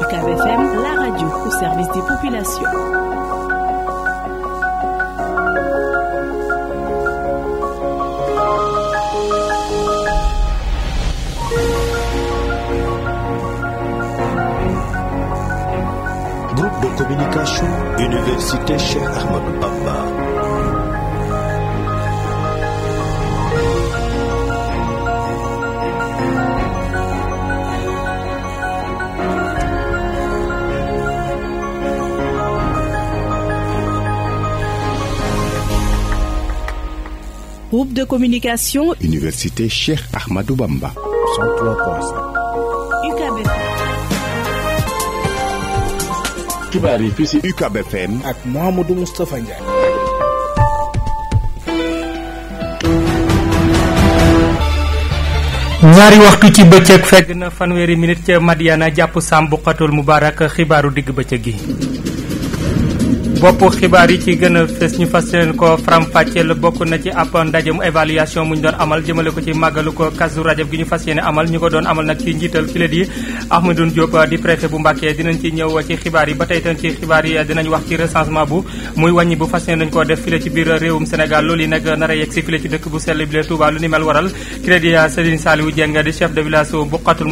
UCAB la radio au service des populations. communication, Université Cheikh Ahmed Bamba. groupe communication Université Cheikh Ahmadou Bamba. yi fii ci UKB FM ak Mouhamadou ñaari waxtu ci bëccëg fegg na fanweeri minute ca Madiana jàpp Sambuqatul Mubarak xibaaru digg bëccëg gi. bopp xibaar yi ci gën a fës ñu fas leen ko faram fàcceel bokk na ci ab ndaje mu évaluation mu ñu doon amal jëmale ko ci màggalu ko Kazu Rajab gi ñu fas yéene amal ñu ko doon amal nag ci njiital kile di Ahmadou Diop di préfet bu Mbàkke dinañ ci ñëw ci xibaar yi ba tey tam ci xibaar yi dinañ wax ci recensement bu muy wàññi bu fas yéene dañu koo def file ci biir réewum Sénégal loolu yi nag nar a yegg file ci dëkk bu sell bi lee Touba lu ni mel waral kile di Serigne Saliou Dieng di chef de village Boukhatoul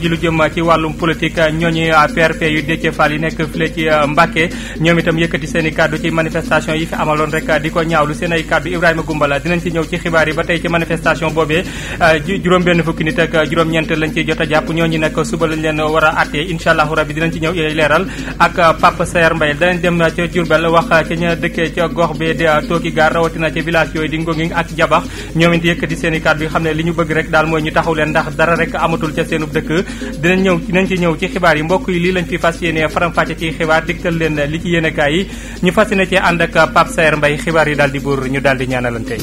ji lu jëm ci wàllum politique ñooñu PRP yu Déthié yi nekk fële ci euh, Mbacké ñoom itam yëkkati seen i kàddu ci manifestation yi amaloon rek di ko ñaawlu seen ay kàddu Ibrahima Goumbala dinañ ci ñëw ci xibaar yi ba tey ci manifestation boobee euh, juróom benn fukki nit ak juróom-ñeent lañ ciy jot a jàpp ñooñu nag suba lañ leen war a àttee incha allahu rabbi dinañ ci ñëw leeral ak Pape Sayer Mbaye danañ dem ca Diourbel wax ca ña dëkkee ca gox bi di euh, Tooki Gaar rawatina ca village yooyu di Ngonging ak Jabax ñoom it yëkkati seen i bi xam ne li ñu bëgg rek daal mooy ñu taxaw leen ndax dara rek amatul ca seenub dëkk dinañ ñëw dinañ ci ñëw ci xibaar yi mbokk yi lii lañ fi fas yéene faram-fàcce ci xibaar digtal leen li ci yéenekaay yi ñu fas yéene ci ànd ak Pape Saer xibaar yi daal di buur ñu daal di ñaanalante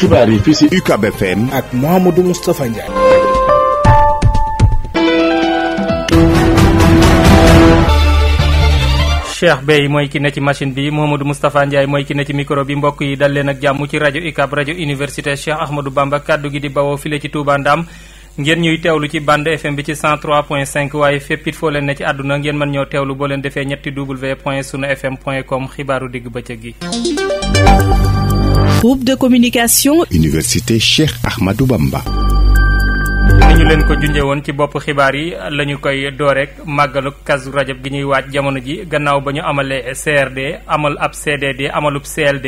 xibaar yi fii si UCAB FM ak Mouhamadou Moustapha Ndiaye Cheikh Bey mooy ki ne ci machine bi Mouhamadou Moustapha Ndiaye mooy ki ne ci micro bi mbokk yi dal leen ak jàmm ci rajo rajo université Cheikh Ahmadou Bamba kàddu gi di bawoo file ci Touba Ndam ngeen ñuy teewlu ci bande FM bi ci 103.5 waaye fépp it foo leen ne ci àdduna ngeen mën ñoo teewlu boo leen defee ñetti w point sunu fm point com xibaaru digg bëccëg gi. groupe de communication. université ni ñu leen ko junjee woon ci bopp xibaar yi la ñu koy door rek màggalu kazu rajab gi ñuy waaj jamono ji gannaaw ba ñu amalee CRD amal ab CDD amalub CLD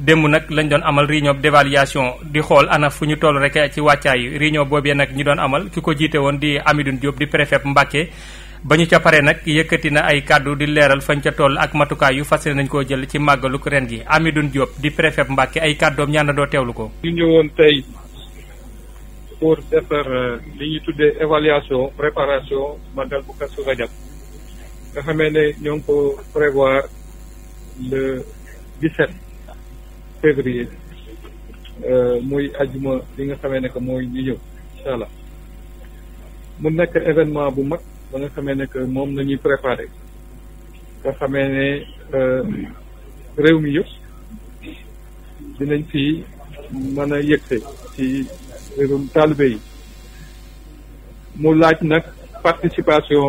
démb nag lañ doon amal réunion d'évaluation di xool ana fu ñu toll rek ci wàccaayu réunion boobee nag ñi doon amal ki ko jiite woon di Amidoune Diop di préfet Mbacke. ba ñu ca pare nag yëkkati na ay kàddu di leeral fañ ca toll ak matukaay yu fas nañ koo jël ci màggaluk ren gi Amidoune Diop di préfet Mbacke ay kàddoom ñaan doo teewlu ko. pour defar euh, li ñuy tuddee évaluation préparation magal bu Kazu Rajab nga xamee ne ñoo ko prévoir le 17 février euh, muy ajuma li nga xamee ne que mooy ñu ñëw incha mu nekk événement bu mag ba nga xamee ne que moom la ñuy préparé nga xamee ne euh, réew mi yëpp dinañ fi mën a yëgse ci taalibe yi mu laaj nag participation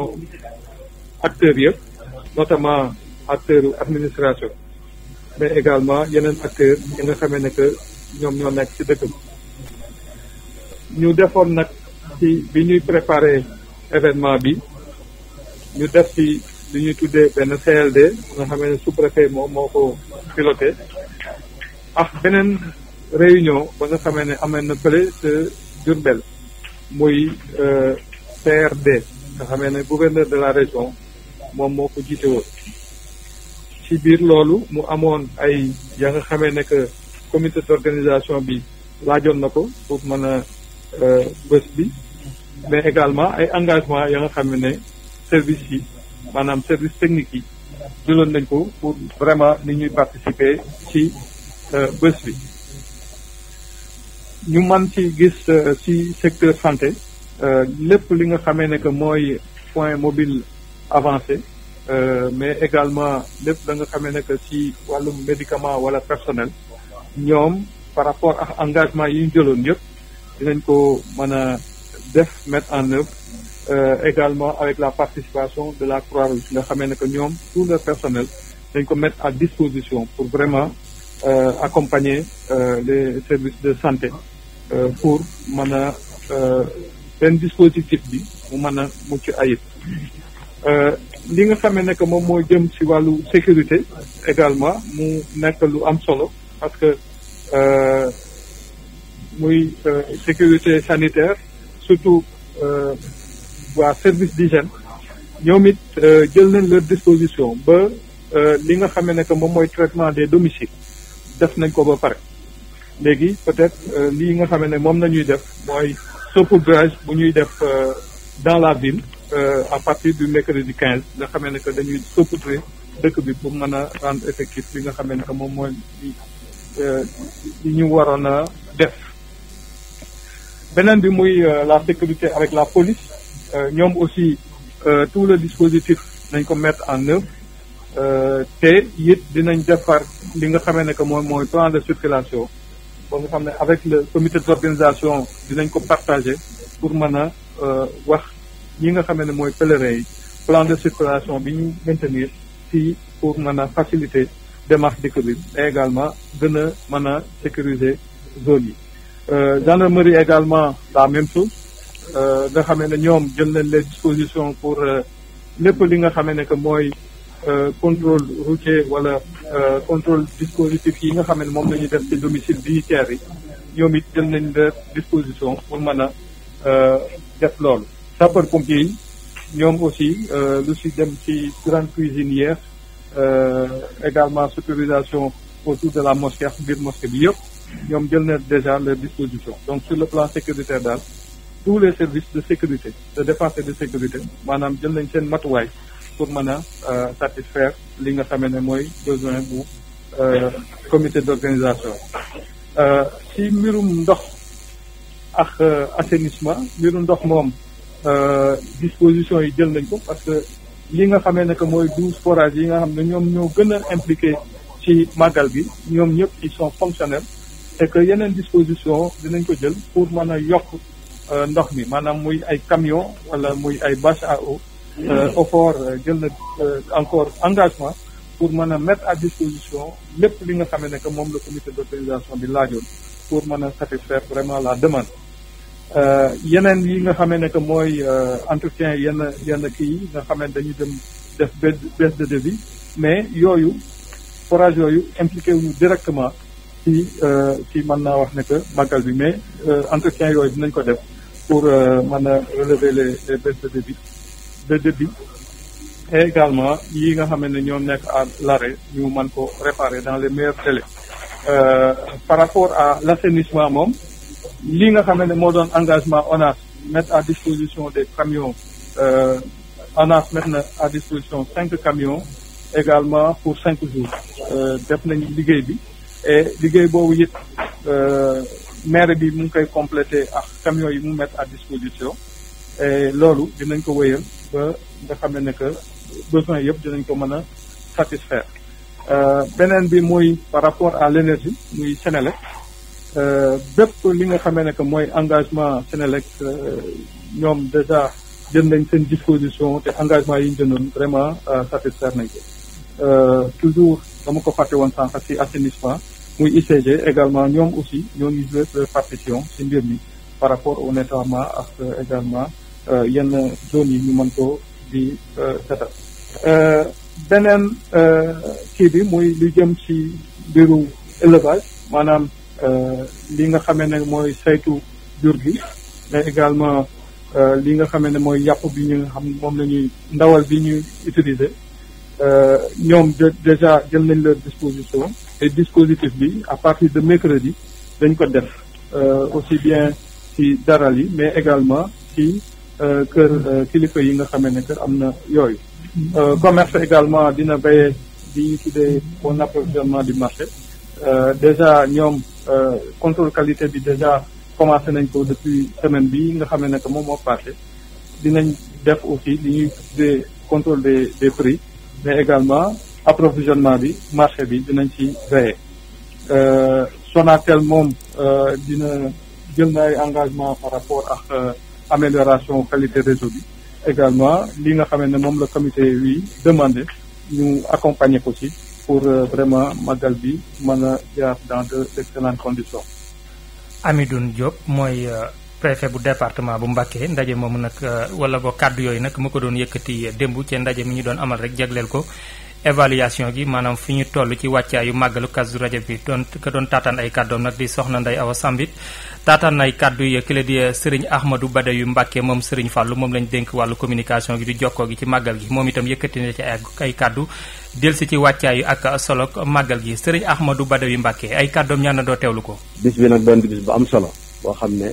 acteurs yëpp notamment acteurs administration mais également yeneen acteurs yi nga xamee ne que ñoom ñoo nekk ci dëkkam ñu defoon nag ci bi ñuy préparer événement bi ñu def ci li ñuy tuddee benn CLD nga xamee ne sous-préfet moom moo ko piloté ak beneen réunion ba nga xamee ne amen na fële ca Diourbel muy CRD euh, nga xamee ne gouverneur de la région moom moo ko jiite woon ci biir loolu mu amoon ay ya nga xamee ne que comité d'organisation bi laajoon na ko pour mën a euh, bés bi mais également ay engagement ya nga xam ne service yi maanaam service technique yi jëloon nañ ko pour vraiment ni ñuy participer ci euh, bës bi ñu man ci gis euh, ci secteur santé euh, lépp li nga xamee ne que mooy point mobile avancé euh, mais également lépp da nga xame ne que ci wàllum médicament wala personnel ñoom par rapport ak engagement yi ñu jëloon yëpp dinañ ko mën a def mettre en œuvre également avec la participation de la Croix-Rouge nga xamee ne que ñoom tout le personnel dañ ko mettre à disposition pour vraiment accompagner les services de santé Euh, pour mën a euh, benn dispositif bi mu mën a mucc ayib euh, li nga xamee ne que moom moo jëm ci wàllu sécurité également mu nekk lu am solo parce que muy sécurité sanitaire surtout waa service d'hygiène ñoom it jël nañ leur disposition ba li nga xamee ne que moom mooy traitement des domiciles def nañ ko ba pare léegi peut-être euh, lii nga xam ne moom la def mooy saupoudrage bu ñuy def euh, dans la ville euh, à partir du mercredi quinze nga xam ne que dañuy saupoudrer dëkk bi pour mën a rendre effectif li nga xam ne moom mooy li ñu waroon a def beneen bi muy la sécurité avec la police ñoom aussi tout le dispositif nañ ko mettre en œuvre te yit dinañ defar li nga xamee ne que moom mooy plan de circulation ba nga xam ne avec le comité d'organisation dinañ ko partagé pour man a euh, wax ñi nga xam ne mooy pèlerins yi plan de circulation bi ñu maintenir ci pour mën a faciliter démarche dikk bi également gën a mën a sécuriser zone yi euh, gendarmerie également la même chose euh, nga xam ne ñoom jël nañ les dispositions pour lépp li nga xame ne que mooy Euh, contrôle routier wala euh, contrôle dispositif yi nga xam ne moom la ñuy def ci domicile militaire yi ñoom it jël nañ de disposition pour mën a euh, def loolu. sapeur pompier yi ñoom aussi lu si dem ci grande cuisinière également sécurisation autour de la mosquée mbir biir mosquée bi yëpp ñoom jël na déjà leur disposition donc sur le plan sécuritaire daal tous les services de sécurité de défense et de sécurité maanaam jël nañ seen matuwaay. pour mën a euh, satisfaire li nga xamee ne mooy besoin bu euh, comité d'organisation euh, si mbirum ndox ak assainissement mbirum ndox moom disposition yi jël nañ ko parce que li nga xamee ne que mooy douze forages yi nga xam ne ñoom ñoo gën a impliqué ci màggal bi ñoom ñëpp ils son fonctionnels et que yeneen disposition dinañ ko jël pour mën a yokk ndox mi maanaam muy ay camion wala muy ay bâche à OFOR euh, euh, jël na euh, encore engagement pour mën a mettre à disposition lépp li nga xam ne que moom la comité d'organisation bi laajoon pour mën a satisfaire vraiment la demande yeneen yi nga xamee ne que mooy entretien yenn yenn kii nga xam ne dañu dem def baisse de devis mais yooyu forage yooyu impliqué wuñu directement ci ci mën naa wax ne que màggal bi mais entretien yooyu dinañ ko def pour mën a relever les les baisses de devis de débit et également yi nga xam ne ñoo nekk à l'arrêt ñu mën ko réparer dans les meilleurs délais euh, par rapport à l'assainissement moom li nga xam ne moo doon engagement ONAS mettre à disposition des camions euh, ONAS mettre na à disposition cinq camions également pour cinq jours euh, def nañu liggéey bi et liggéey boobu it maire bi mu ngi koy complété ak camions yi mu mettre à disposition Eh, loolu dinañ ko wéyal ba nga xam ne ne que besoin yëpp dinañ ko mën a satisfaire euh, beneen bi mooy par rapport à l'énergie muy Sénélec euh, bépp li nga xamee ne que mooy engagement Sénélec euh, ñoom déjà jël nañ seen disposition te engagement yi ñu jëndoon vraiment satisfaire nañ ko toujours dama ko fàtte woon sànq si assainissement muy ICG également ñoom aussi ñoo ngi joué partition si mbir mi par rapport au nettoiement ak également Euh, yenn zones yi ñu mën ko di euh, setal euh, beneen kii bi muy lu jëm ci biiru élevage maanaam li nga xamee ne mooy saytu jur gi mais également li nga xamee ne mooy yàpp bi ñu xam moom la ñuy ndawal bi ñuy utiliser ñoom déjà jël nañ leur disposition te dispositif bi à partir de mercredi dañ ko def aussi bien ci daral yi mais également ci Euh, kër euh, kilifa yi nga xamee ne am na yooyu. Euh, commerce également dina béyee bi ñu tuddee bon approvisionnement du marché déjà ñoom contrôle qualité bi déjà commencé nañ ko depuis semaine bi nga xamee ne que moom moo passé dinañ def aussi li ñuy tuddee contrôle des des prix mais également approvisionnement bi marché bi dinañ ci veiller Sonatel moom dina jël na ay engagement par rapport amélioration qualité réseau bi également li nga xamante ne moom la comité wi demandé ñu accompagner ko ci pour euh, vraiment màggal bi mën a jaar dans de excellentes conditions. Amidoune Diop mooy euh, préfet bu département bu Mbacké ndaje moomu nag euh, wala boo kàddu yooyu nag mu ko doon yëkkati démb ci ndaje mi ñu doon amal rek jagleel ko évaluation gi maanaam fi ñu toll ci wàccaayu màggalu Kazu Rajab bi doon ka doon taataan ay kàddoom nag di soxna Ndeye Awa Sambit taataan ay kàddu yi kile di sëriñ Ahmadou yu Mbacke moom sëriñ fàllu moom lañ dénk wàllu communication gi di jokkoo gi ci màggal gi moom itam yëkkati na ci ay kàddu delsi ci wàccaayu ak solo màggal gi sëriñ Ahmadou yu Mbacke ay kàddoom ñaan na doo teewlu ko. bis bi nag doon di bis bu am solo boo xam ne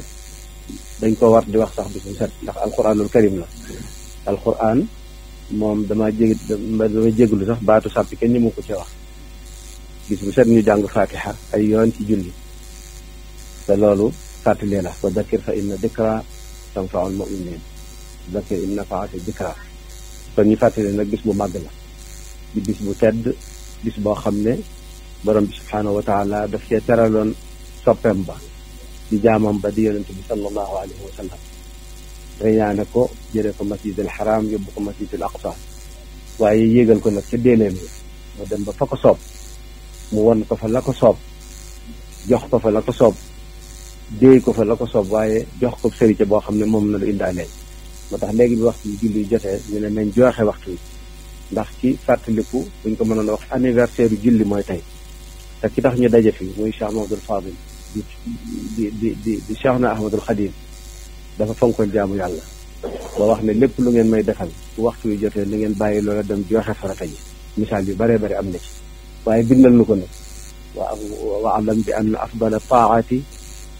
dañ ko war di wax sax bis bu set ndax alxuraanul karim la. alxuraan moom damaa jég dama jéglu sax baatu sàppi kenn ñu mu ko ci wax bis bu set ñu faatiha ay yoon ci julli te loolu. fàttali la wa dakir fa inna dikra tanfaul muminin dakir in nafaati dikra kon ñu fàttali nag bis bu màgg la di bis bu tedd bis boo xam ne borom bi subhaanahu wa taala daf cee teraloon soppeem ba di jaamam ba di yonente bi sallallahu alayhi wa sallam reñaane ko jëlee ko masjidil xaram yóbbu ko masjidil aqsa waaye yéegal ko nag ca déeneem bi mu dem ba fa ko soob mu won ko fa la ko soob jox ko fa la ko soob déey ko fa la ko soob waaye jox ko sëriñ ca boo xam ne moom na lu indaale moo tax léegi bi waxtu bi julli jotee ñu ne nañ joxe waxtu yi ndax ci fàttaliku buñ ko ko mën mënoon wax anniversaire yu julli mooy tey te ki tax ñu daje fi muy Cheikh Mahamadul Fadil di di di di di Cheikh na Ahmadul Xadim dafa fonkoon jaamu yàlla ba wax ne lépp lu ngeen may defal bu waxtu yu jotee li ngeen bàyyi loola dem joxe farata yi misaal yu bëree bëri am na ci waaye bindal nu ko ne wa wa alam bi anna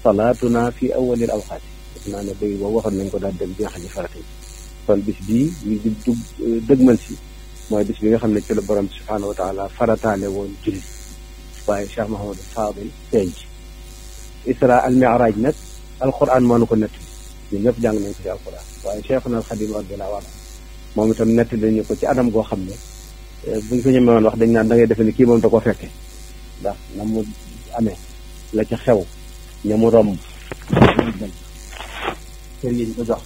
salaatuna fi awalil awqaati def naa ne béy boo waxoon nañ ko daal dem jeexal ji farata yi kon bis bii ñu di dug dëgmal si mooy bis bi nga xam ne ci la borom subhaanahu wa taala farataale woon julli waaye Cheikh Mahamadou Fadil feeñ ci isra al miraaj nag alquran moo nu ko nett ñun ñëpp jàng nañ ko ci alquran waaye Cheikhuna al Xadim radiyallahu anhu moom itam nett dañu ko ci anam goo xam ne eh, buñ ko ñemee wax dañ naan dangay defe ni kii moom da ko fekke ndax na mu amee la ci xew ña mu romb kër yi ñu ko jox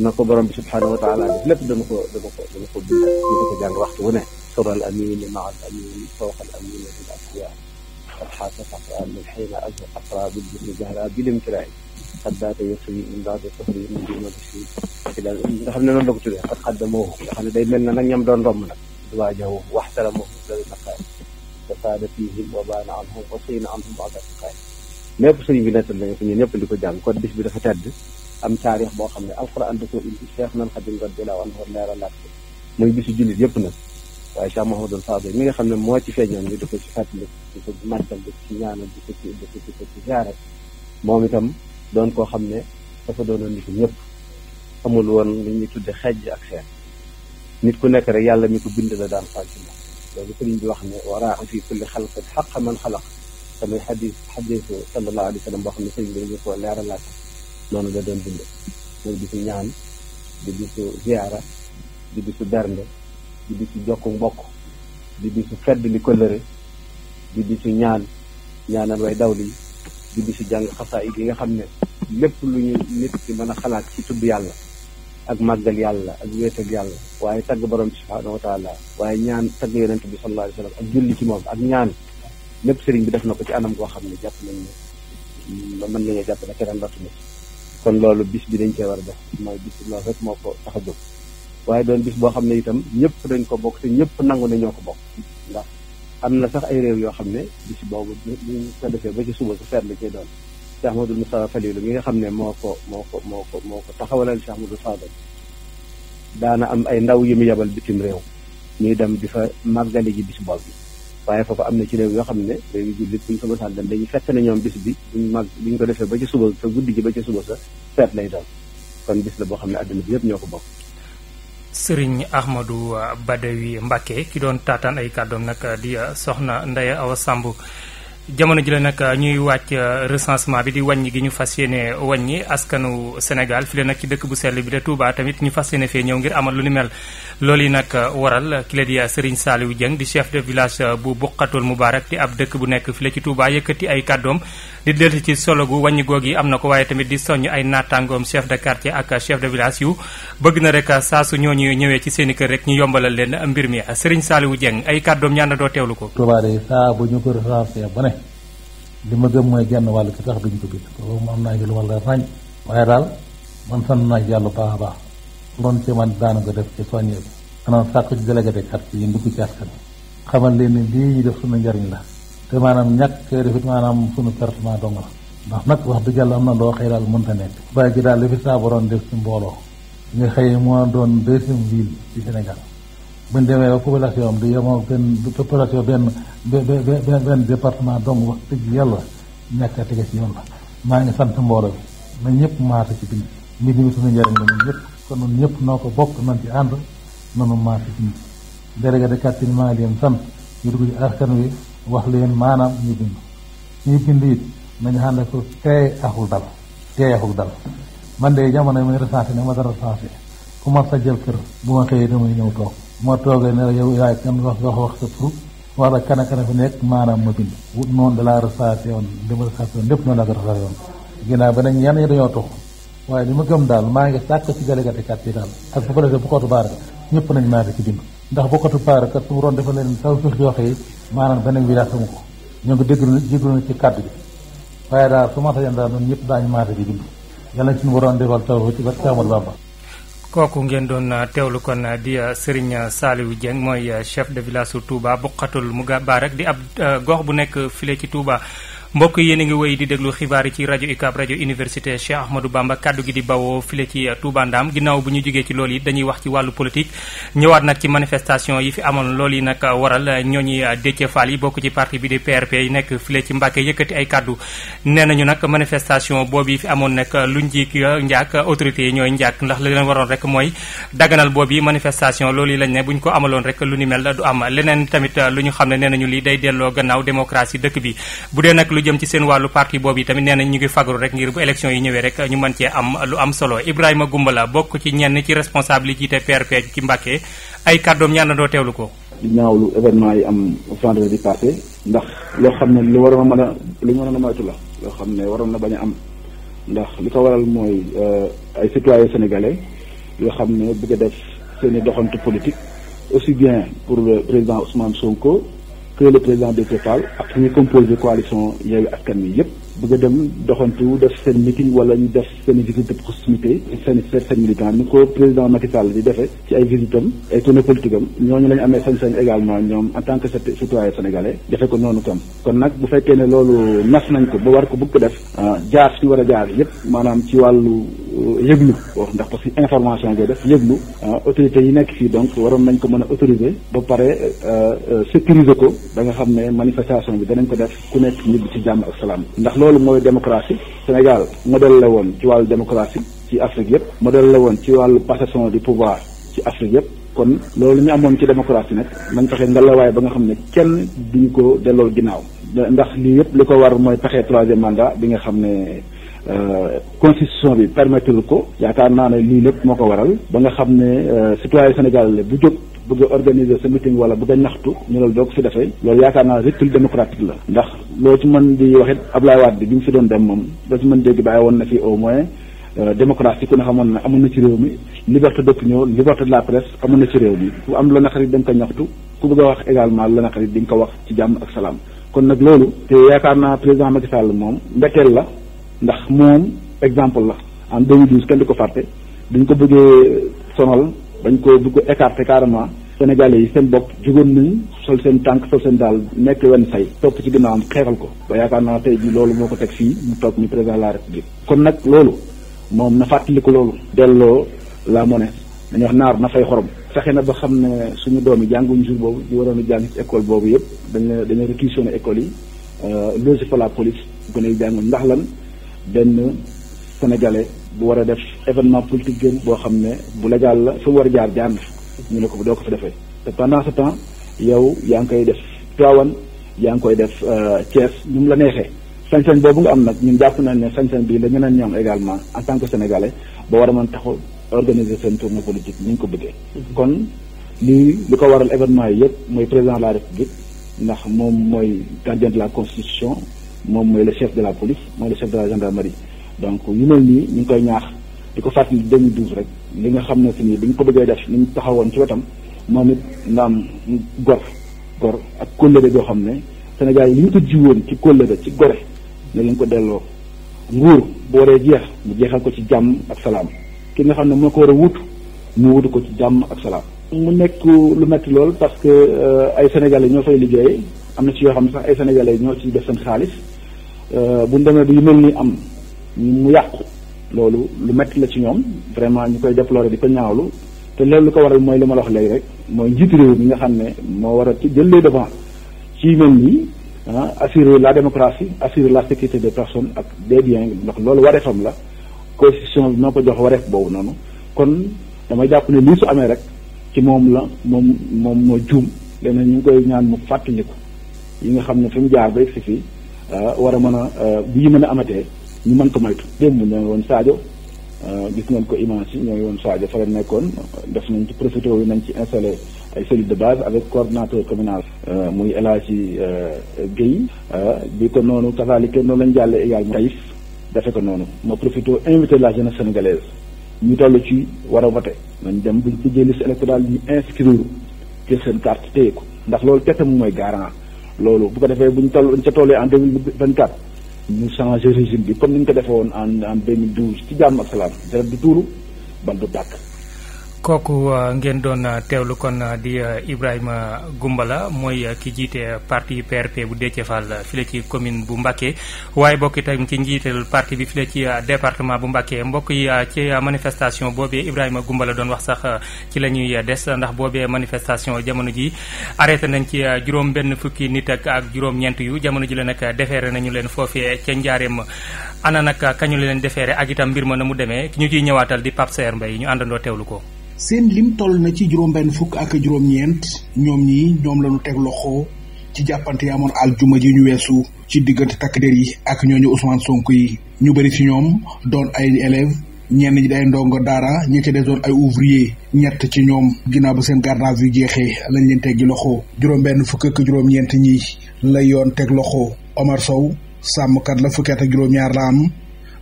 na ko borom bi subhanahu wa taala def lépp dana ko dana ko dana ko bind dina ko jàng waxtu wu ne sural amini maal amini fawqal amini bil asfiya qad xaasa faqra min xiina azu aqra bil jismi jahra bil imtirai qad baata yasri min baadi sufri min dima bisi ilal nga xam ne noonu la ko tuddee qad qaddamoohu nga xam ne day mel na nag ñam doon romb nag waajahu waxtaramoohu lal naqaay wa saada fihim wa baana anhum wa sayna anhum lépp sëriñ bi nettal ñëpp di ko jàng kon bis bi dafa tedd am taarix boo xam ne alxuraan da ko indi Cheikh nan Xadim radiyallahu anhu leeralaat ko muy bisu jullit yëpp nag waaye Cheikh Mouhamadou Fadel mi nga xam ne moo ci feeñoon ñu di ko ci fàttali di ko màggal di ko ci ñaanal di ko ci di ko ci di ko ci ziyaare moom doon koo xam ñëpp amul woon li ñuy tudde xejj ak xeet nit ku nekk rek yàlla mi ko bind la daan fàcc moom loolu sëriñ bi wax ne waraa fi kulli xalqin xaqa man xalaq te muy xadis xadisu sallallahu alayhi boo xam ne sëriñ bi ñu ko leeralaat noonu la doon dund muy bisu ñaan di bisu ziara di bisu bernde di bisu jokku mbokk di bisu fedd li kolëre di bisu ñaan ñaanal way dawli yi di bisu jàng xasaayid yi nga xam ne lépp lu ñu nit ki mën a xalaat ci tudd yàlla ak màggal yàlla ak wéetal yàlla waaye tagg borom bi subhaanahu waaye ñaan tagg yonent bi sallallahu alayhi wa sallam ak julli ci moom ak ñaan lépp sëriñ bi def na ko ci anam goo xam ne jàpp nañ ne mën nañoo jàpp ne keneen rafetlu ci kon loolu bis bi dañ cee war a def mooy bis rek moo ko tax a waaye doon bis boo xam ne itam ñëpp dañ ko bokk te ñëpp nangu ne ko bokk ndax am na sax ay réew yoo xam ne bis boobu ñu ko defee ba ci suba su feet la cee doon Cheikh Ahmadou Moussa Falilou mi nga xam ne moo ko moo ko moo ko moo ko taxawalal Cheikh Ahmadou Fadal daana am ay ndaw yu mu yebal bitim réew ñuy dem di fa màggali gi bis boobu waaye foofu am na ci réew yoo xam ne léegi jullit buñ ko mosaan dem dañuy fett na ñoom bis bi buñ mag buñ ko defee ba ci suba sa guddi ji ba ci suba sa feet lay doon kon bis la boo xam ne àdduna bi yëpp ñoo ko bokk Sëriñ Ahmadou Badawi Mbacké ki doon taataan ay kàddoom nag di uh, soxna Ndeye Awa Samb jamono ji la nag euh, ñuy wàcc euh, recensement bi di wàññi gi ñu fas yéene wàññi askanu Sénégal fi la nag ci dëkk bu sell bi de Touba tamit ñu fas yéene fee ñëw ngir amal lu ni mel loolu yi nag euh, waral ki la di Serigne Saliou Dieng di chef de village bu Boukhatoul Moubarak di ab dëkk bu nekk fi la ci Touba yëkkati ay kàddoom di dellu ci solo gu wàññi goog yi am na ko waaye tamit di soññ ay naataangoom chef de quartier ak chef de village yu bëgg na rek saa su ñooñu ñëwee ci seen i kër rek ñu yombalal leen mbir mi Serigne Saliou Dieng ay kàddoom ñaan na doo teewlu ko. Touba de saa bu ñu ko recensé ba ne li ma gëm mooy genn wàll ci tax duñu ko bind loolu am naa ci lu wàll ràññ waaye daal man sant naa ci yàlla baax a baax loolu ci man daana ko def ci soññee bi. maanaam sàkku ci délégué de quartier yi ndugg ci askan xamal leen ni lii ñu def njariñ la te maanaam ñàkk defit maanaam sunu pertement dong la ndax nag wax dëgg yàlla am na loo xëy daal mënta nekk bàyyi ji daal li fi saa borom def ci mbooloo ñu xëy moo doon deuxième ville ci Sénégal buñ demee ba population di yemoo benn population benn benn département dong wax dëgg yàlla ñàkk a tege ci yoon la maa ngi sant mbooloo bi na ñëpp maata ci bind nit ñi suñu njëriñ la ñun ñëpp kon nun ñëpp noo ko bokk nañ ci ànd nanu maata ci bind délégué de maa ngi leen sant ñu dugg ci wax leen maanaam ñu bind ñuy bind it nañu ànd ko teey axul dal teey axul dal man de jamono may recensé ne ma dara recensé ku ma sa jël kër bu ma xëyee damay ñëw toog ma toogee ne la yow wax wax wax sa tur wala kan ak kan fi nekk maanaam ma bind wut noonu da laa recensé woon li ma recensé woon lépp noonu laa ko recensé woon ginnaaw ba nañ yan yi dañoo tox waaye li ma gëm daal maa ngi sàkk ci galegati kat yi daal ak bu ko defee bu kootu baar ñëpp nañ maa ci bind ndax bokkatu paara kat su mu doon dafa leen taw suuf yoo xëy maanaam benn village amu ko ñoo ko déglu na jéglu ci kàddu bi waaye daal su ma sañoon daal ñun ñëpp daañu maase di dund yàlla suñu borom defal taw ci barke Amadou Bamba kooku ngeen doon ah, teewlu kon ah, di ah, Serigne Saliou Dieng mooy chef de village su Touba Boukhatoul rek di ab gox bu nekk file ci Touba mbokk yéen a ngi wéy di déglu xibaar yi ci rajo UCAB rajo université Cheikh Ahmadou Bamba kaddu gi di bawoo file ci Touba Ndam ginnaaw bu ñu jógee ci lool yi dañuy wax ci wàllu politique ñëwaat nag ci manifestation yi fi amoon lool yi nag waral ñooñu Déthié Fall yi bokk ci parti bi di PRP file ci Mbàkke yëkkati ay kaddu nee nañu nag manifestation boobu yi fi amoon nag lu njiik njaak autorité yi ñooy njaak ndax li waroon rek mooy daganal boobu yi manifestation loolu yi lañ ne bu ñu ko amaloon rek lu ni mel du am leneen tamit lu ñu xam ne nee nañu lii day delloo gannaaw démocratie dëkk bi lu jëm ci seen wàllu parti boobu yi tamit nee nañ ñu ngi fagaru rek ngir bu élection yi ñëwee rek ñu mën cee am lu am solo Ibrahima Goumbala bokk ci ñenn ci responsable yi jiite PRP ci Mbàkke ay kàddoom ñaan na doo teewlu ko. ñaawlu événement yi am vendredi passé ndax loo xam ne lu waroon a mën a lu ñu waroon a moytu la loo xam ne waroon na bañ a am ndax li ko waral mooy euh, ay citoyens sénégalais yoo xam ne bëgg def seen i doxantu politique aussi bien pour le président que président de Tefal ak ñi composé coalition Yewwi Askan Wi yëpp bëgg a dem doxantu def seen meeting wala ñu def seen visite de seen seen militant ni ko président Macky Sall di ci ay visitam ay tournée politique ñooñu la amee sañ-sañ également ñoom en tant que citoyen sénégalais defee ko noonu tam kon nag bu fekkee ne loolu nas nañ ko ba war ko bëgg ko def ah, jaar fi war a jaar yëpp maanaam ci wàllu yëglu wax ndax parce que information ngay def yëglu ah, autorités yi nekk fii donc waroon nañ ko mën a autoriser ba pare euh, euh, sécuriser ko da nga xam ne manifestation bi danañ ko def ku nekk ñibbi ci jàmm ak salaam ndax loolu mooy démocratie Sénégal modèle la woon ci wàllu démocratie ci Afrique yëpp modèle la woon ci wàllu passation du pouvoir ci Afrique yëpp kon loolu ñu amoon ci démocratie nag nañ fexe ngelawaay ba nga xam ne kenn duñ ko delloo ginnaaw ndax lii yëpp li ko war bi nga xam ne Euh, constitution bi permettre ko yaakaar naa ne lii lépp moo ko waral ba nga xam ne euh, citoyen Sénégal bu jóg bëgg organiser sa meeting wala bëgg a ñaxtu ñu loolu doo ko fi defee loolu yaakaar naa recul démocratique la ndax loo ci mën di wax it Ablaye Wade bi mu fi doon dem moom loo ci mën dégg bàyyi woon na fi au moins euh, démocratie ku ne xamoon na amoon na ci réew mi liberté d'opinion liberté de la presse amoon na ci réew mi ku am la naqari da nga ko ñaxtu ku bëgg a wax également la naqari di nga ko wax jàmm ak salaam kon nag loolu yaakaar naa président Macky Sall moom mbetteel la ndax moom exemple la en 2012 kenn du ko fàtte duñ ko bëggee sonal dañ ko bëgg ko écarter carrément sénégalais yi seen bopp jugoon nañ sol seen tànk sol seen daal nekk wenn say topp ci am xeexal ko ba yaakaar naa tey ji loolu moo ko teg fii mu toog ñu président de la république kon nag loolu moom na fàttaliku loolu delloo la monnaie dañuy wax naar na fay xorom fexe na ba xam ne suñu doom yi jànguñu jur boobu di waroon a jàng ci école boobu yëpp dañ dañu réquisitionné école yi euh, logé fa la police gën a jànguñ ndax lan benn sénégalais bu war a def événement politique gëm boo xam ne bu légal la fu war a jaar jaan ñu ne ko bu doo ko fa defee te pendant ce temps yow yaa ngi koy def Tivaouane yaa ngi koy def euh, Thiès ñu mu la neexee sañ-sañ boobu nga am nag ñun jàpp nañ ne sañ-sañ bii la ñeneen ñoom également en tant que sénégalais ba war a mën taxaw organiser seen tournée politique ni ñu ko bëggee mm-hmm. kon lii li ko waral événement yi yëpp mooy président la république ndax moom mooy gardien la constitution moom mooy le chef de la police mooy le chef de la gendarmerie donc yu mel nii ñu ngi koy ñaax di ko fàttali 2012 rek li nga xam ne si nii bi ñu ko bëggee def ni ñu taxawoon ci wetam moom it naam gor ak kóllëre boo xam ne Sénégal yi ñu ko jiwoon ci kóllëre ci gore ne lañ ko delloo nguur bu waree jeex mu jeexal ko ci jàmm ak salaam ki nga xam ne moo ko war a wut mu wutu ko ci jàmm ak salaam mu nekk lu metti lool parce que euh, ay sénégalais ñoo fay liggéey am na si yoo xam ne sax ay sénégalais ñoo ci def seen xaalis Euh, bu ñu demee ba yu mel ni am mu yàqu loolu lu metti la ci ñoom vraiment ñu koy déplorer di ko ñaawlu te loolu lu ko waral mooy li ma la wax léegi rek mooy njiitu réew mi nga xam ne moo war a ci jël les devants ci mel nii ah, assurer la démocratie assurer la sécurité des personnes ak des biens ndox loolu wareefam la constitution bi noo ko jox wareef boobu noonu kon damay jàpp ne lii su amee rek ci moom la moom moom moo juum leneen ñu ngi koy ñaan mu fàttaliku yi nga xam ne fi mu jaar ba egsi Euh, war a mën a euh, bi ñu mën a amatee ñu mën ko moytu. démb ñoo ngi woon Sadio euh, gis ngeen ko image yi ñoo ngi woon Sadio fa la nekkoon def nañ ci profité wu nañ ci installé ay cellule de base avec coordinateur communal. muy El Hadji Guèye. bi ko noonu kasaalika noonu lañ jàllee également. Taïf defe ko noonu. ma profité invité la jeunesse sénégalaise ñu toll ci war a voté. nañ dem buñ tijjee liste électorale ñu inscrire ci seen carte téye ko. ndax loolu tetam mooy garant loolu bu ko defee bu ñu toll ñu ca tollee en deux mille vingt quatre ñu changé bi comme ni ñu ko defee woon en en deux mille douze ci jàmm ak salaam deret du tuuru bal du tàkk kooku uh, ngeen doon uh, teewlu kon uh, di Ibrahima Goumbala mooy ki jiite parti PRP bu Déthié Fall file ci commune bu Mbacké waaye bokk ci njiital parti bi file ci département bu Mbacké mbokk yi ci manifestation boobee Ibrahima Goumbala doon wax sax ci la ñuy des ndax boobee manifestation jamono ji arrêté nañ ci juróom benn fukki nit ak ak juróom-ñeent yu jamono ji la nag defeere nañu leen foofee ca njaareem ana nag kañu leen defeere ak itam mbir ma na mu demee ñu ciy ñëwaatal di Pape Saer ñu àndandoo teewlu ko seen lim toll na ci juróom-benn fukk ak juróom-ñeent ñoom ñi ñoom lañu teg loxo ci jàppante yi amoon juma ji ñu weesu ci diggante takk der yi ak ñooñu Ousmane sonk yi ñu bëri ci ñoom doon ay élèves ñenn ñi day ndongo daara ñi ci des doon ay ouvrier ñett ci ñoom ginnaaw ba seen garde à vue jeexee lañ leen teggi loxo juróom-benn fukk ak juróom la yoon teg loxo Omar Sow sàmmkat la fukkeet ak juróom-ñaar la am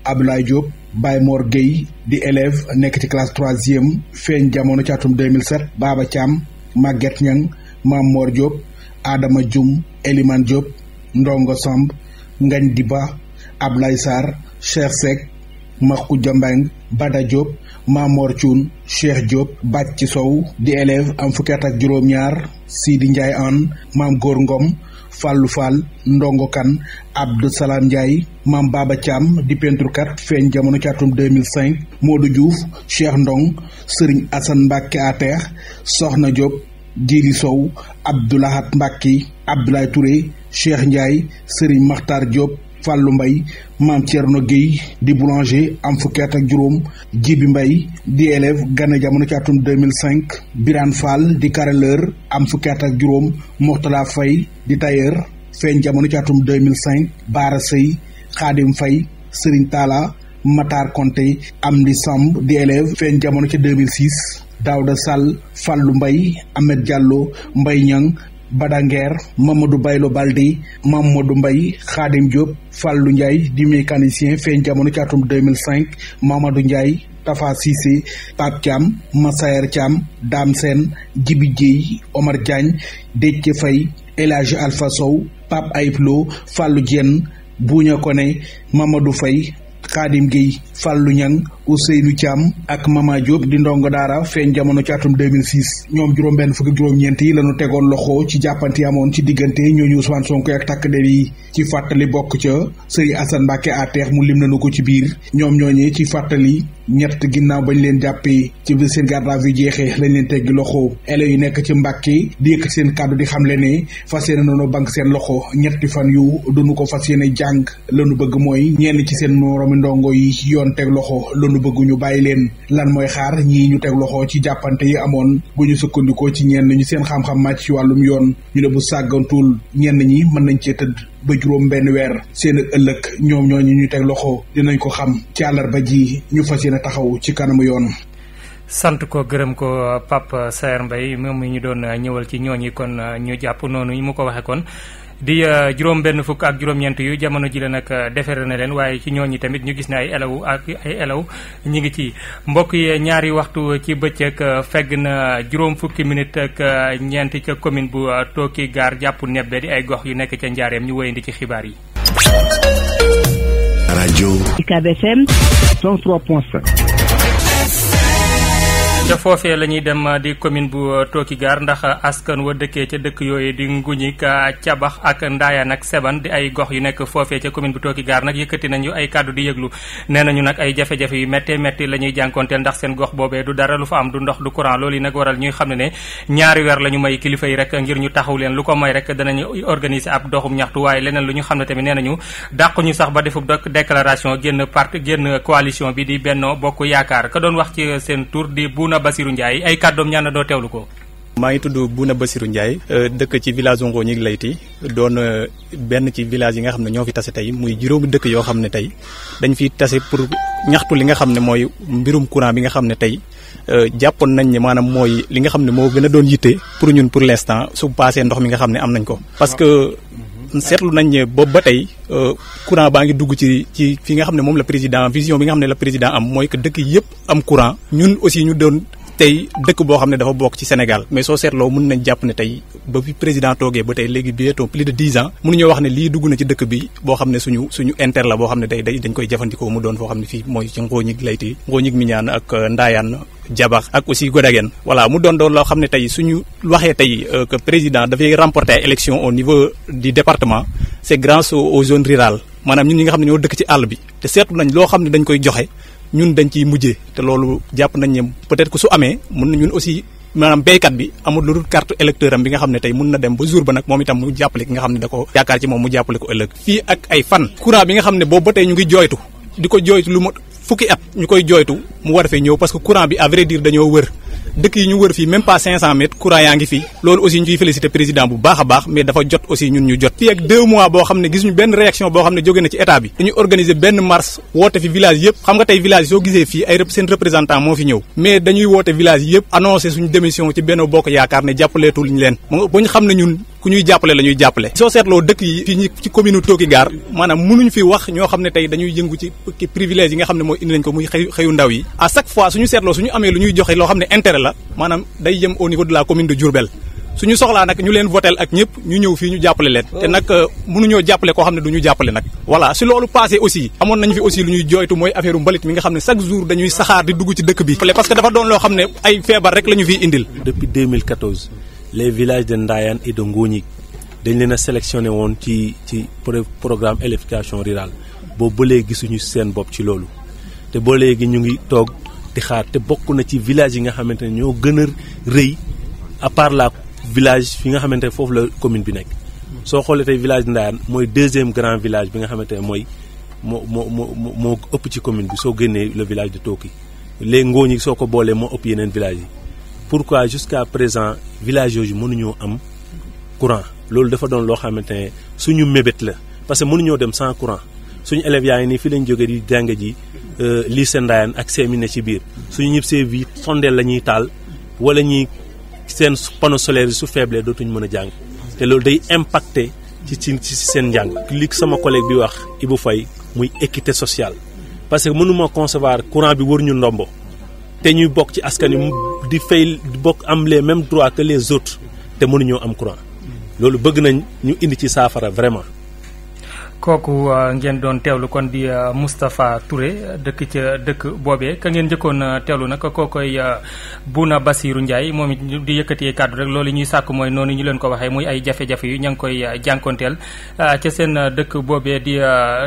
Abdoulaye Diop. Baye Mor Gueye di élève nekk ci classe troisième feeñ jamono ci atum 2007 Baba Thiam Maguette Niang Mame Mor Diop Adama Dioum Elimane Diop Ndongo Samb Ngagne Diba Ablaye Sarr Cheikh Seck Makhoudia Mbeng Bada Diop Mamor Thioune Cheikh Diop ci Sow di élève am fukki at ak juróom-ñaar Sidi Ndiaye Anne Maam Góor Ngom Fallou Fall Ndongo Kane Abdou Salam Ndiaye Mame Baba Thiam di peintrekat feeñ jamono ci atum 2005 Modou Diouf Cheikh Ndong Serigne Assane Mbacke Ater Soxna Diop Djili Sow Abdoulahat Mbacke Abdoulaye Touré Cheikh Ndiaye Serigne Makhtar Diop Fallou mbay Maam Thierno Guèye di boulanger am fukki at ak juróom Jibi Mbaye di élève gane jamono ci atum 2005 Birane Fall di carreleur am fukki at ak juróom Mourtala fay di tailleur feeñ jamono ci atum 2005 Baara Sey Khadim Faye Serigne Talla Matar Konté Amdi Samb di élève feeñ jamono ci 2006 Daouda Sall Fallou Mbaye Ahmed Diallo Mbaye Niang Badanguer Mamadou Baylo Baldi Mamadou Mbaye Khadim Diop Fallou Ndiaye di mécanicien feeñ jamono ci atum 2005 Mamadou Ndiaye Tafa Cissé Pape Thiam Massaer Thiam Dame Sène Djibi Dieye Omar Diagne Déthié Faye El Hadj Sow Pape Ayib Lo Fallou Diène Buña Koné Mamadou Faye Khadim Gueye Fallou Niang Ousseynou Thiam ak Mama Diop di ndongo daara feeñ jamono ci atum 2006 ñoom juróom-benn fukk ak juróom-ñeent yi tegoon loxo ci jàppante amoon ci diggante ñooñu Ousmane Sonko ak takk der yi ci fàttali bokk ca Serigne Assane Mbacke Ateex mu lim na nañu ko ci biir ñoom ñooñee ci fàttali ñett ginnaaw bañ leen jàppee ci biir seen garde à jeexee lañ leen teggi loxo élèves yi nekk ci Mbacke di yëkkat seen kàddu di xamle ne fas yéene noonu banque seen loxo ñetti fan yu duñu ko fas yéene jàng lañu bëgg mooy ñenn ci seen moroomi ndongo yi yoon doon teg loxo lanu bëgg ñu bàyyi leen lan mooy xaar ñii ñu teg loxo ci jàppante yi amoon bu ñu sukkandikoo ci ñenn ñu seen xam-xam màcc ci wàllum yoon ñu ne bu sàggantul ñenn ñi mën nañ cee ba juróom benn weer seen ëllëg ñoom ñooñu ñu teg loxo dinañ ko xam ci àllarba ji ñu fas yéene taxaw ci kanamu yoon. sant ko gërëm ko Pape Saer mbay moom mu ñu doon ñëwal ci ñooñi kon ñu jàpp noonu mu ko waxee kon. di uh, juróom benn fukk ak juróom-ñeent yu jamono ji la nag uh, defere na leen waaye ci ñooñu tamit ñu gis ne ay elaw ak ay elaw ñi ngi ci mbokk yi ñaari waxtu ci bëccëg uh, fegg na juróom fukki minute ak ñeent ca commune bu Tooki Gaar jàpp nebbe di ay gox yu nekk ca njaareem ñu woyandi ci xibaar yi. rajo. UCAB ca foofee la ñuy dem uh, di commune bu uh, Tookigaar ndax uh, askan wa dëkkee ca dëkk yooyu di Nguñik Cabax ak Ndaayaan ak Seban di ay gox yu nekk foofee ca commune bu Tookigaar nag yëkkati nañu ay kàddu di yëglu nee nañu nag ay jafe-jafe yu méttee métti la ñuy jànkonteel ndax seen gox boobee du dara lu fa am du ndox du courant loolu yi nag waral ñuy xam ne ne ñaari weer la ñu may kilifa yi rek ngir ñu taxaw leen lu ko may rek danañu organiser ab doxum ñaxtu waaye leneen lu ñu xam ne tamit nee nañu sax ba defub déclaration génn parti génn coalition bi di Benno Bokk Yaakaar ka doon wax ci seen tour Bouna Bassirou Ndiaye ay kàddoom ñaan doo teewlu ko. maa ngi tudd Bouna Bassirou Ndiaye euh, dëkk ci village Zongo ñi ngi layti doon euh, benn ci village yi nga xam ne ñoo fi tase tey muy juróomi dëkk yoo xam ne tey dañ fi tase pour ñaxtu li nga xam ne mooy mbirum courant bi nga xam ne tey euh, jàppoon nañ ne maanaam mooy li nga xam ne moo gën a doon yitte pour ñun pour l'instant su passé ndox mi nga xam ne am nañ ko parce seetlu nañ ne boobu ba tey euh, courant baa ngi dugg ci ci fi nga xam ne moom la président vision bi nga xam ne la président am mooy que dëkk yëpp am courant ñun aussi ñu doon tey dëkk boo xam ne dafa bokk ci Sénégal mais soo seetloo mun nañ jàpp ne tey ba fi président toogee ba tey léegi bi bientôt plus de dix ans mënuñoo wax ne lii dugg na ci dëkk bi boo xam ne suñu suñu inter la boo xam ne day dañ koy jëfandikoo mu doon foo xam ne fii mooy ci Ngóoñig Layti Ngóoñig Miñaan ak euh, Ndaayaan jabax ak aussi Godagen voilà mu doon doon loo xam ne tey suñu waxee tey euh, que président dafay remporter ay au niveau du département c'est grâce aux zones rural maanaam ñun ñi nga xam ne ñoo dëkk ci àll bi te seetlu nañ loo xam ne dañ koy joxe ñun dañ ciy mujjee te loolu jàpp nañ ne peut-être que su amee mun na ñun aussi maanaam béykat bi amul lu dul carte électeur am bi nga xam ne tey mun na dem ba jour ba nag moom itam mu jàppale ki nga xam ne da ko yaakaar ci moom mu jàppale ko ëllëg fii ak ay fan courant bi nga xam ne boobu ba tey ñu ngi jooytu di ko jooytu lu ma fukki at ñu koy jooytu mu war fee ñëw parce que courant bi à vrai dire dañoo wër dëkk yi ñu wër fii même pas 500 mètres courant yaa ngi fii loolu aussi ñu ciy félicité président bu baax a baax mais dafa jot aussi ñun ñu jot fii ak deux mois boo xam ne gis ñu benn réaction boo xam ne jóge na ci état bi dañuy organiser benn marche woote fi village yëpp xam nga tey village soo gisee fii ay seen représentant moo fi ñëw mais dañuy woote village yëpp annoncé suñu démission ci Benno Bokk Yaakaar ne jàppaleetul ñu leen ku ñuy jàppale la jàppale soo seetloo dëkk yi fii ci commune Tookigaar maanaam mënuñ fi wax ñoo xam ne tey dañuy yëngu ci privilège yi nga xam ne mooy indi nañ ko muy ndaw yi à chaque fois suñu seetloo suñu amee lu ñuy joxe loo xam ne intérêt la maanaam day yem au de la commune de Diourbel suñu soxlaa nag ñu leen votel ak ñëpp ñu ñëw fii ñu jàppale leen te nag euh, mënuñoo jàppale koo xam ne du ñu jàppale nag voilà si loolu passé aussi ñu fiy indil les village de Ndayane et de dañ leen a sélectionné woon ci ci programme électrification rurale boobu ba léegi gisuñu seen bopp ci loolu te ba léegi ñu ngi toog di xaar te bokk na ci village yi nga xamante ne ñoo gën a rëy à part la village fi nga xamante ne foofu la commune bi nekk soo xoolee tey village Ndayane mooy deuxième grand village bi nga xamante ne mooy moo moo moo moo ëpp ci commune bi soo génnee le village de Tooki léegi ngooñi soo ko boolee moo ëpp yeneen village yi pourquoi jusqu'à présent village yooyu mënuñoo am courant loolu dafa doon loo xamante ne suñu mébét la parce que mënuñoo dem sans courant suñu élèves yaa ngi nii fi lañ jógee di jàng ji euh, lii seen Ndayane ak seemi ne ci biir suñu ñëpp see bi sondeel la ñuy taal wala ñuy seen panneau solaire su faible dootuñ mën a jàng te loolu day impacté ci ci ci seen njàng li sama collègue bi wax i bu fay muy équité sociale parce que mënuma concevoir courant bi wër ñu ndombo te ñuy bokk ci askan wi di fay bokk am les mêmes droits que les autres te mënuñoo am courant mm. loolu bëgg nañ ñu indi ci saafara vraiment kooku euh, ngeen doon teewlu kon di euh, Moustapha Touré euh, dëkk ca dëkk boobee ka ngeen njëkkoon teewlu nag kookoy Bouna Bassirou Ndiaye moom it di yëkkatee kàddu rek loolu ñuy sàkk mooy noonu ñu leen ko waxee muy ay jafe-jafe yu ña ngi koy jànkonteel ca seen dëkk boobee di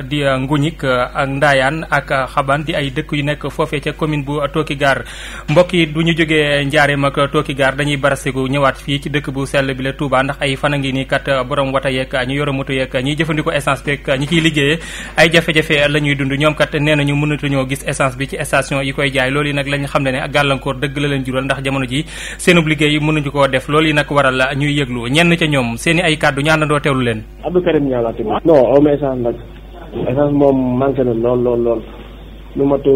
di Nguñik ak Ndaayaan ak Xaban di ay dëkk yu nekk foofee ca commune bu Tookigaar mbokk yi du ñu jógee Njaareem ak Tookigaar dañuy barasiku ñëwaat fii ci dëkk bu sell bi la Touba ndax ay fan a ngi nii kat borom wata yeeg ñu yoromoto yeeg ñiy jëfandikoo essence Afrique ñi ciy liggéeyee ay jafe-jafe la dund ñoom kat nee nañu mënatuñoo gis essence bi ci station yi koy jaay loolu yi nag lañ xam ne ne gàllankoor dëgg la leen jural ndax jamono ji seenub liggéey mënuñu koo def loolu yi nag waral ñuy yëglu ñenn ca ñoom seen i ay kàddu ñu àndandoo teewlu leen. Abdou Karim Niang laa tudd. non aw ma essence moom man moom na lool lool lool lu matu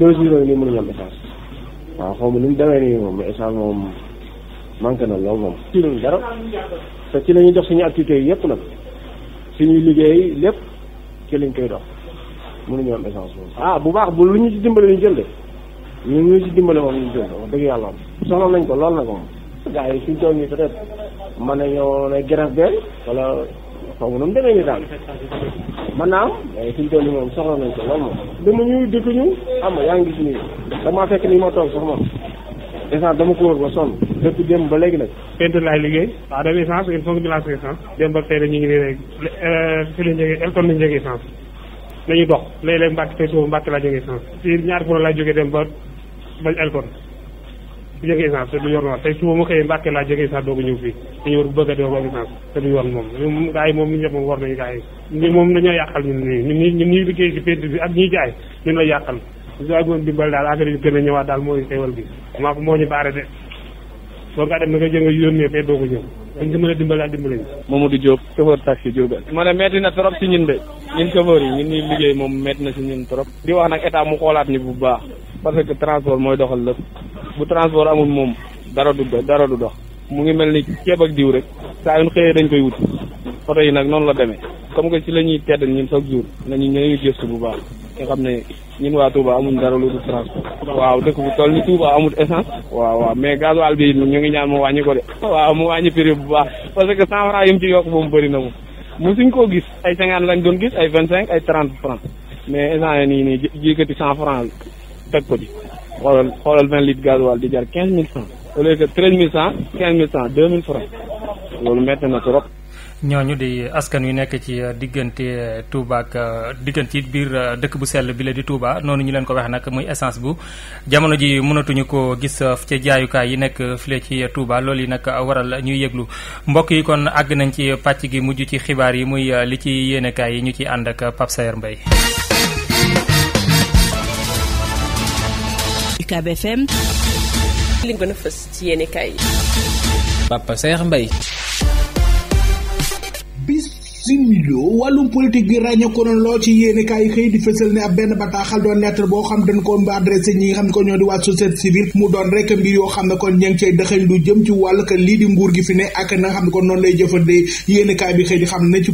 deux jours nii mënuñu am essence waaw xaw ni mu demee nii moom essence moom na lool moom. ci dara te ci la ñuy jox suñu activités yi yëpp nag. suñuy liggéey lépp ci lañ koy dox mënuñu am essence boobu ah bu baax bu lu ñu ci dimbale ñu jël ñu ñu ci dimbale moom ñu jël wax dëgg yàlla moom soxla nañ ko lool na ko moom gars yi suñ toog nii peut-être mën nañoo ne wala xaw ma nu mu demee ni daal man naa am waaye suñ toll nii moom soxla nañ ko lool moom dama ñuy dëkk ñu xam nga yaa ngi gis nii damaa fekk nii ma toog essence dama ko wër ba sonn dem ba léegi nag peinture laay liggéey waaw dem essence il faut que ñu laaj essence démb ba tey ñu ngi nii rek fi la njëgee elton nañu njëgee essence nañu dox léeg-léeg mbàkk tey suba mbàkk laa jógee essence si ñaar pour laa jógee dem ba ba elton di jógee essence te du yor noonu tey suba mu xëyee mbàkk laa jógee essence doogu ñëw fii dañu war bu bëgg a doo ba essence te du yoon moom gars yi moom ñu ñëpp moom war nañu gars yi moom dañoo yàqal ñun nii ñun ñi liggéey si peinture bi ak ñiy jaay ñun la yàqal ñu àggoon dimbal daal affaire yi gën a ñëwaat daal mooy xéewal gi maa ko moo ñu baare de boo nga dem na nga jël nga yónnee fee doo ko ñëw dañ a dimbal daal dimbali Mamadou Diop chauffeur taxi Diourbel ma ne metti na trop si ñun de ñun chauffeur yi ñun ñuy liggéey moom metti na si ñun trop di wax nag état mu xoolaat ni bu baax parce que transport mooy doxal lépp bu transport amul moom dara du dara du dox mu ngi mel ni ceeb ak diw rek saa yu xëyee dañ koy wut oto yi nag noonu la demee comme que ci la ñuy tedd ñun chaque jour nañu ñooñu gëstu bu baax nga xam ne ñun waa Touba amuñ dara lu dul transport. waaw dëkk bu toll ni Touba amul essence. waaw waaw mais gasoil bi ñu ngi ñaan mu wàññi ko de. waaw mu wàññi prix bu baax parce que cent franc yi mu ci yokk moom bëri na moom mosuñ koo gis ay cinquante lañ doon gis ay vingt cinq ay trente franc mais essence nii nii jékkati cent franc teg ko ci xoolal xoolal vingt litres gasoil di jar quinze mille cent au lieu que treize cent quinze mille cent deux mille loolu métti na trop. ñooñu di askan wi nekk ci eh, diggante eh, Touba ak eh, diggante biir dëkk bu sell bi la di Touba noonu ñu leen ko waxee nag muy essence bu jamono ji mënatuñu ko gis ci jaayukaay yi nekk file ci Touba loolu yi nag waral ñu yéglu mbokk yi kon àgg nañ ci pàcc gi mujj ci xibaar yi muy li ci yéenekaay yi ñu ci ànd ak Pape Sayer Mbaye similio wàllum politique gi ràññee loo ci yéenekaay yi bi xëy di xam ne ci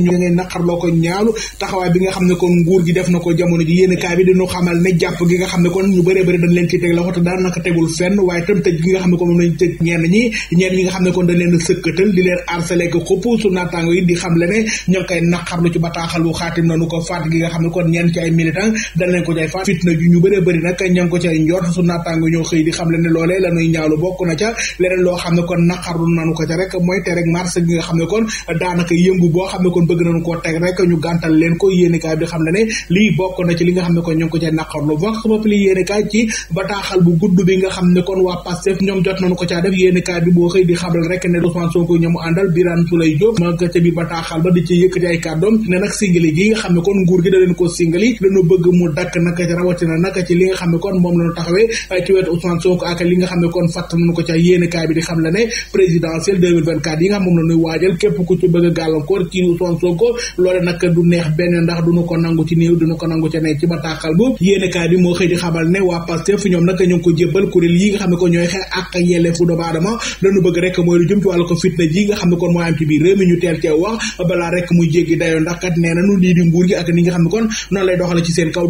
ñoom ñoo naqar loo ko ñaalu taxawaay bi nga xam ne kon nguur gi def na ko jamono ji yéenekaay bi dañu xamal ne jàpp gi nga xam ne kon ñu bëree bëri dañ leen ci teg la waxta daan naka tegul fenn waaye tam tëj gi nga xam ne ko moom lañ tëj ñenn ñi ñenn ñi ne kon dañ leen sëkkatal di leen harcelé ko xupp su naataango yi di ne ñoo koy naqarlu ci bataaxal wu xaatim xam kon ñenn ay faat fitna ju ñu bëree bëri nag ña na ko ca rek mooy nga leen ko yéenekaay bi xam le ne lii bokk ci li nga xam ne kon ño ngi ko cay ci bataaxal bu gudd bi nga xam ne kon waa Pastef ñoom jot na ko ca bi bataaxal ba di ci yëkkati ay kàddoom ne nag singali gi nga ko li nga xam ne moom lañu taxawee ci wetu Ousmane Sonko ak ne kon fàtt nañu ko ca yéeni kaay bi di xam la ne présidentielle 2024 yi a gàllankoor kii Ousmane Sonko loole nag du neex ko nangu ci néew moo xëy di xabal ne waa Pastef Pastef ñoom nag ñu ngi ko jébbal kuréel yi nga xam ne ko ñooy xeex ak yelleefu doomu am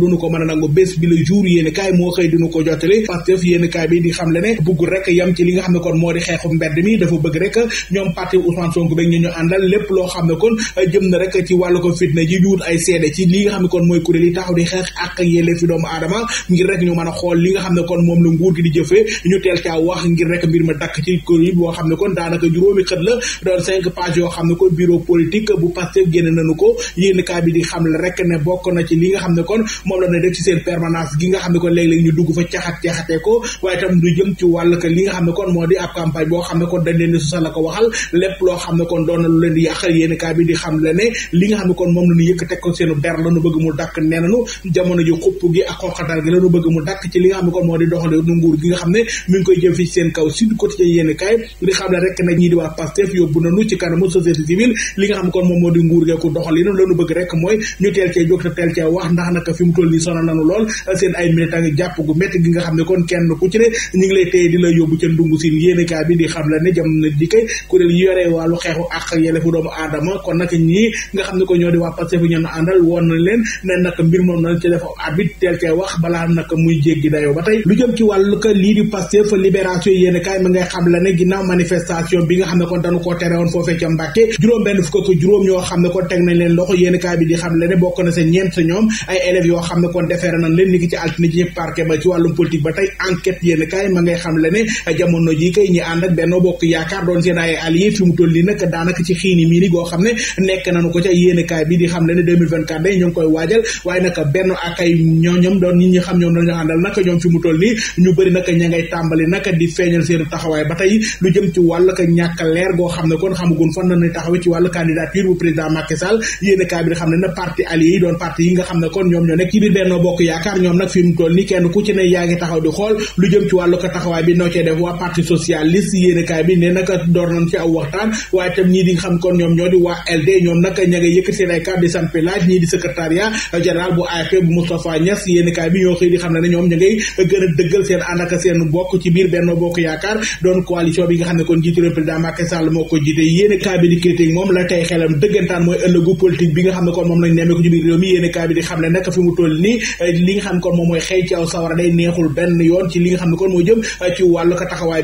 ne kon a nangu bés bi le jour yéen kaay moo xëy duñu ko jottali Pastef yéen kaay bi loo xam ne kon jëm na rek ci wàllu ko li nga xam ne kon mooy kuréel yi taxaw di xeex ak doomu aadama ngir rek ñu mën a xool li mi nga xam ne kon moom la nguur gi di jëfee ñu teel caa wax ngir rek mbir ma dakk ci kuréel boo xam ne kon daanaka juróomi xët la doon na ci li nga xam ne kon moom la ne def ci seen permanence gi nga xam ne kon léeg-léeg dugg fa caxat caxatee ko waaye tam du jëm ci wàll ka li nga xam ne kon moo di ab campagne boo ko waxal lépp loo xam ne kon doon na lu leen di yàqal bi di xam le ne li nga xam ne kon moom la ñu yëkk teg ko seenu der la nu bëgg mu dakk nee jamono ji xupp gi ak xooxatal gi la nu bëgg mu dakk ci li nga xam ne kon moo di doxale nu nguur gi nga xam ne mi ngi koy jëm fi seen kaw Sud Quotidien yéen ci kanamu kaay bi di xam la ne jamono ji kay kuréel yi yore wàllu xeexu ak yelleefu doomu aadama kon nag ñii nga xam ne ko ñoo di waa Pastef ñenn àndal woon nañ leen ne nag mbir moom nañ ci def abit teel cee wax balaa nag muy jéggi dayoo ba tey lu jëm ci wàllu ko lii di Pastef libération yéen kaay ma ngay xam la ginnaaw manifestation bi nga xam ne kon dañu koo ca Mbàkke juróom bi di xam la ne bokk na sa ñeent ñoom ay élèves yoo xam ne ak Benno Bokk doon seen ay xam ne nekk nañu xam la doon nit xam ñoom doon ñu àndal ñoom fi mu toll nii ñu bëri naka ña tàmbali naka di feeñal seen taxawaay ba tey lu jëm ci wàll ka ñàkk leer goo xam ne kon xamagun fan na na taxawe ci wàllu candidature bu président Macky Sall yéen kaa bi xam ne na parti allié ne kon ñoom ñoo nekk ci biir Benno Bokk ne yaa ngi taxaw di xool lu jëm ci wàllu ko taxawaay bi noo cee def waa parti socialiste yéen kaay bi ne naka door nañ ci aw waxtaan waaye tam ñii di xam kon ñoom ñoo di waa LD ñoom naka ña nga seen ay kàddu di sampi laaj ñii di secrétariat général bu AFP bu Moustapha Niass yéen bi xam ne ne ñoom ña gën a dëggal seen ànd ak seen bokk ci biir benn Bokk Yaakaar doon coalition bi nga xam ne kon jiitu le président Macky Sall moo ko jiite yéen kaa bi di critique moom la ne kon moom lañ nemmee ko ci biir réew mi yéen kaa bi di eh, xam ne benn yoon ci li nga xam ne kon moo jëm eh, ci wàllu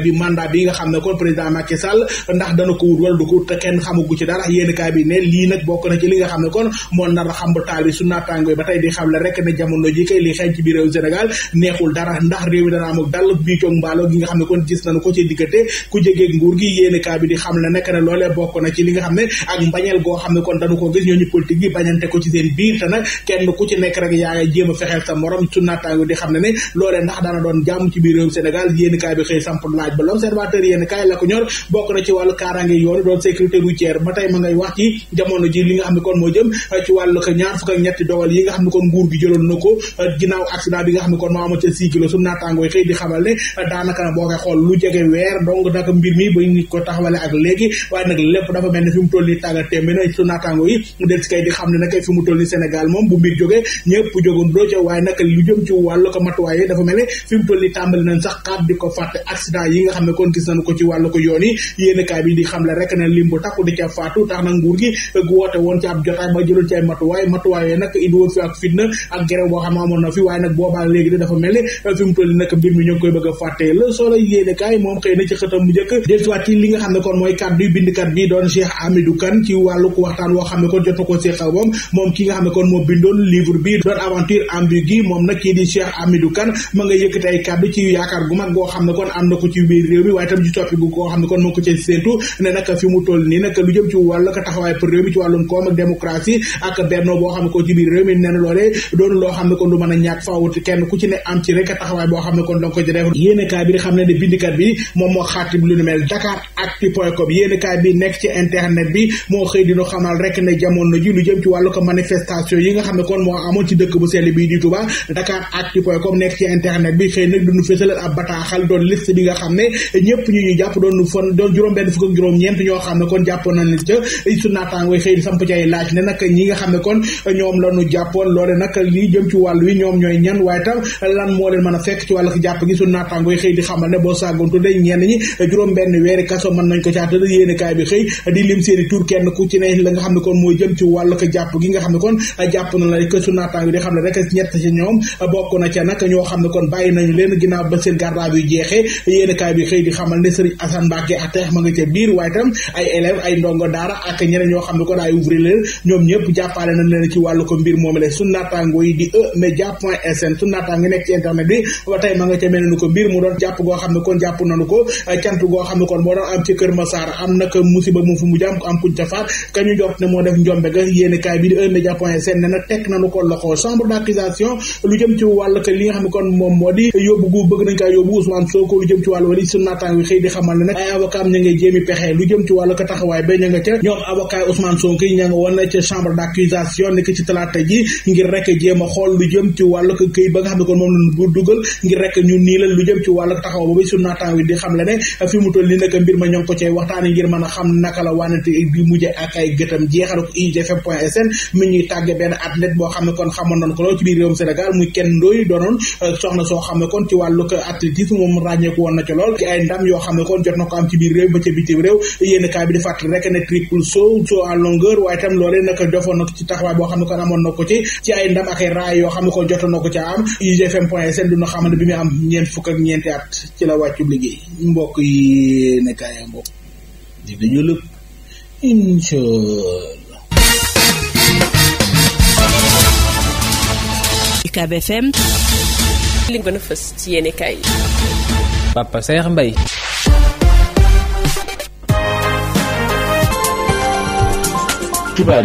bi mandat bi nga xam ne kon président Macky Sall ndax dana ko wut kenn xamagu ci dara yéen kaa bi ne lii nag bokk na ci li nga xam ne kon moo nar a xamb taal bi su naataango ba tey di xam le rek ne jamono ji kay li xeeñ ci biir réew Sénégal neexul amul dara ndax réew mi dana amul nguur gi yéene kaa bi di xam ne nekk ne loolee bokk na ci li nga xam ne kon dañu ko ci seen a fexeel sa morom ko ñaar fukk ak ñetti dogal yi nga xam ne kon nguur gi jëloon na ko ginnaaw accident bi nga xam ne kon moo amoon six kilos su naataangooy xëy di xamal ne daanaka boo koy xool lu jege weer donc nag mbir mi ba ñu ko taxawale ak léegi waaye nag lépp dafa mel ne fi mu toll nii na su naataangoo yi mu del si kay di xam ne nag fi ko matuwaay dafa mel ne fi mu toll nii tàmbali nañ sax xaat di ko fàtte accident yi nga xam ne kon gis nañu ko ci wàllu ko yoon yi yéen kaay bi di xam le rek ne lim bu takku di ca faatu tax na nguur gi gu woote woon ci ab ba jëloon ci matuwaay matuwaay nag indi woon fi ak fitna ak gerew boo xam ne amoon na fi waaye nag boobaa léegi fi mu toll nag mbir mi ñu ngi koy bëgg a fàtte le soleil yéene kaay moom xëy na ci xëtam mu njëkk deltuwaat fi mu toll nii nag lu jëm ci wàllu ko taxawaay pour réew mi ci wàllum koom ak démocratie ak benno boo xam ne ko ci biir réew mi nee na loolee loo xam ne kon du mën a ñàkk faaw kenn ku ci ne am ci nekk taxawaay boo xam ne kon danga ko ci def yéenekaay bi di xam ne ne bindikat bi moom moo xaatim lu ni mel Dakar actu point com yéenekaay bi nekk ci internet bi moo xëy dinu xamal rek ne jamono ji lu jëm ci wàllu ko manifestation yi nga xam ne kon moo amoon ci dëkk bu sell bii di Touba Dakar actu point com nekk ci internet bi xëy nag duñu fësalal ab bataaxal doon liste bi nga xam ne ñëpp ñu ñu jàpp doon fan doon juróom benn fukk juróom ñeent ñoo xam ne kon jàppoon nañ ca su naataangooy xëy di samp ci ay laaj ne nag ñi nga xam ne kon ñoom lañu jàppoon loole nag li jëm ci wàllu wi ñoom ñooy ñan waaye tam lan moo leen mën a fekk ci wàllu jàpp gi suñu naataango xëy di xamal ne boo sàggontu day ñenn ñi juróom benn weeri kaso mën nañ ko ca nag ñoo ñoo xam ne kon ay ouvrier ñoom ñëpp jàppaale nañ leen ci wàllu ko mbir moom la suñu naataango yi di e média point sn suñu naataango nekk internet bi ba tey ma nga ca mel ni ko mbir mu doon jàpp goo xam ne kon jàpp moo doon am ci Kër Massar am nag musiba na teg ko ba ña nga ca ñoom avocat Ousmane Sonko yi chambre d'accusation nekk ci talaata ji ngir rek jéem a xool lu jëm ci wàllu ko këy ba nga xam ne kon moom bu dugal ngir rek ñu niilal lu jëm ci wàllu taxaw boobu suñu naataango yi di xam le ne fi mu toll nii nag mbir ma ño ngi ko xam naka la ko igfm point sn mi ñuy tàgge benn xam ne kon xamoon nañ ko lool ci biir réewum euh, woon na ci lool ci ay ndam yoo xam ne kon jot na ko am ci biir réew ba ca bitim na ko ci taxawaay boo xam ne kon amoon na ko ci ci ay ndam ak ay raay yoo xam ne kon jotoon na ko am igfm point waaye seetlu na xamal ne bi muy am ñeent fukk ak ñeenti at ci la wàccu liggéey mbokk yi ne mbokk dinañu lëpp incha allah. UCAB FM. li gën a ci yéen kaay. Papa Saer Mbaye.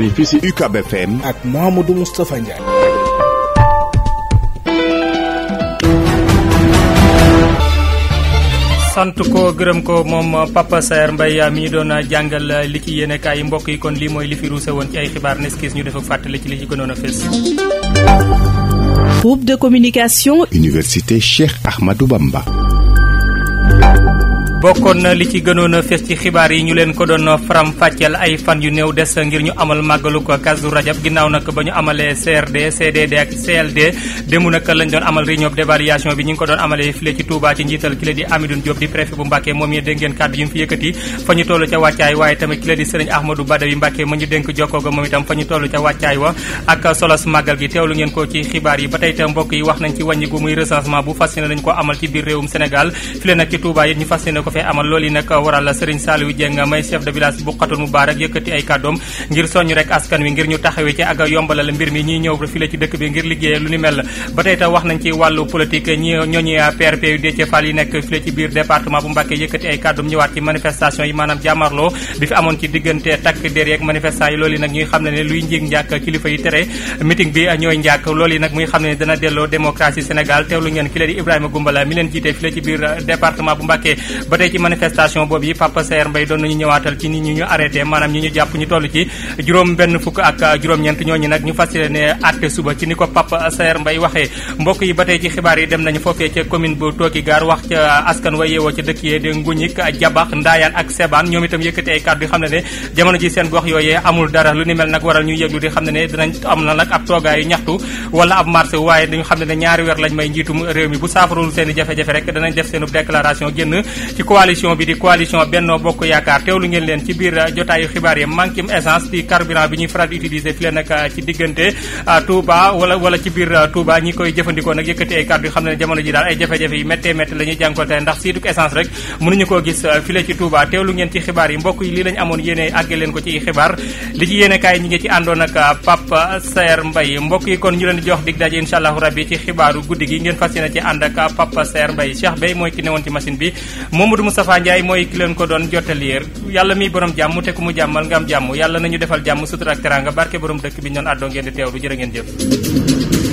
yi fii ci UCAB FM ak Mamadou Moustapha Ndiaye. sant ko gërëm ko moom Papa Saer Mbaye ah, mi ñu doon jàngal li ci yéene kaay mbokk yi kon lii mooy li fi woon ci ay xibaar neskis ñu def fàttali ci li ci gënoon a fës. de communication. université Cheikh Ahmadou Bamba. bokkoon na li ci gënoon a fees ci xibaar yi ñu leen ko doon faram fàcceel ay fan yu néew des ngir ñu amal màggalu ko Kazu Rajab ginnaaw nag ba ñu amalee CRD CLD démb nag lañ doon amal réunion d'évaluation bi ñu ngi ko doon amalee file ci Touba ci njiital ki la di Amidoune Diop di préfet bu Mbàkke moom yi mu fi moom itam fa ñu toll ca wàccaay wa ak solos màggal gi teewlu ngeen ko ci xibaar yi ba tey itam mbokk yi wax nañ ci wàññi gu muy recensement ko fee amal loolu yi nag waral Serigne Saliou Dieng may chef de village bu Xatul Moubarak yëkkati ay kàddoom ngir soññ rek askan wi ngir ñu taxawee ci ak yombalal mbir mi ñiy ñëw fi la ci dëkk bi ngir liggéey lu ni mel ba tey tam wax nañ ci wàllu politique ñi ñooñu PRP yu Déthié bu Mbacké yëkkati ay kàddoom ñëwaat ci manifestation yi maanaam jàmmarloo bi fi amoon ci diggante takk der yeeg manifestant yi loolu yi nag ñuy xam ne ne luy njig njàkk kilifa yi tere meeting bi ñooy njàkk loolu yi nag muy xam ne dana delloo démocratie Sénégal teewlu ngeen ki la di Ibrahima Goumbala mi leen jiite fi tey ci manifestation boob yi Papa Saer Mbaye doon nañu ñëwaatal ci nit ñi ñu arrêté maanaam ñi ñu jàpp ñu toll ci juróom benn fukk ak juróom-ñeent ñooñu nag ñu fas yéene àtte suba ci ni ko Papa Saer Mbaye waxee mbokk yi ba tey ci xibaar yi dem nañu foofee ca commune bu Tooki Gaar wax ca askan wa yeewoo ca dëkk yee de Nguñik Jabax Ndaayaan ak Sebaan ñoom itam yëkkati ay kàddu yi xam ne ne jamono ji seen gox yooye amul dara lu ni mel nag waral ñu yëglu di xam ne ne dinañ am na nag ab toogaayu ñaxtu wala ab marché waaye dañu xam ne ne ñaari weer lañ may njiitum réew mi bu saafarul seen i danañ def seen déclaration génn coalition bi di coalition Benno Bokk Yaakaar teewlu ngeen leen ci biir jotaayu xibaar yi manquim essence di carburant bi ñuy faral di utiliser nag ci diggante ah, Touba wala wala ci biir ah, Touba ñi koy jëfandikoo nag yëkkati ay kàddu yi xam ne jamono ji daal ay jafe-jafe yi méttee méttee la ñuy jànkoonte ndax siiduk essence rek mënuñu koo gis ah, fi la ci Touba teewlu ngeen ci xibaar yi mbokk yi lii lañ amoon yéene àggee leen ko ci xibaar li ci yéene kon ñu leen di jox dig daje incha allahu rabbi ci xibaaru guddi gi ngeen fas yéene ci ànd ak Papa Saer Mbaye Cheikh Bey mooy ki bi Modou Moustapha Ndiaye mooy ki leen ko doon jottali yéer yàlla miy borom jàmm te ku mu jàmmal nga am jàmm yàlla ñu defal jàmm sutura ak teranga barke borom dëkk bi ñoon àddoo ngeen di teewlu jërë ngeen jëf